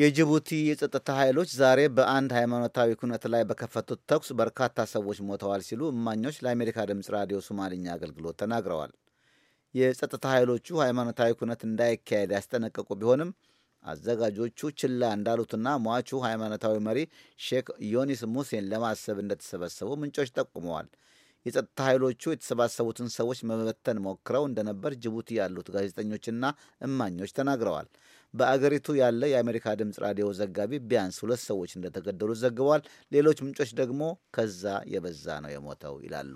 የጅቡቲ የጸጥታ ኃይሎች ዛሬ በአንድ ሃይማኖታዊ ኩነት ላይ በከፈቱት ተኩስ በርካታ ሰዎች ሞተዋል ሲሉ እማኞች ለአሜሪካ ድምፅ ራዲዮ ሶማልኛ አገልግሎት ተናግረዋል። የጸጥታ ኃይሎቹ ሃይማኖታዊ ኩነት እንዳይካሄድ ያስጠነቀቁ ቢሆንም አዘጋጆቹ ችላ እንዳሉትና ሟቹ ሃይማኖታዊ መሪ ሼክ ዮኒስ ሙሴን ለማሰብ እንደተሰበሰቡ ምንጮች ጠቁመዋል። የጸጥታ ኃይሎቹ የተሰባሰቡትን ሰዎች መበተን ሞክረው እንደነበር ጅቡቲ ያሉት ጋዜጠኞችና እማኞች ተናግረዋል። በአገሪቱ ያለ የአሜሪካ ድምፅ ራዲዮ ዘጋቢ ቢያንስ ሁለት ሰዎች እንደተገደሉ ዘግቧል። ሌሎች ምንጮች ደግሞ ከዛ የበዛ ነው የሞተው ይላሉ።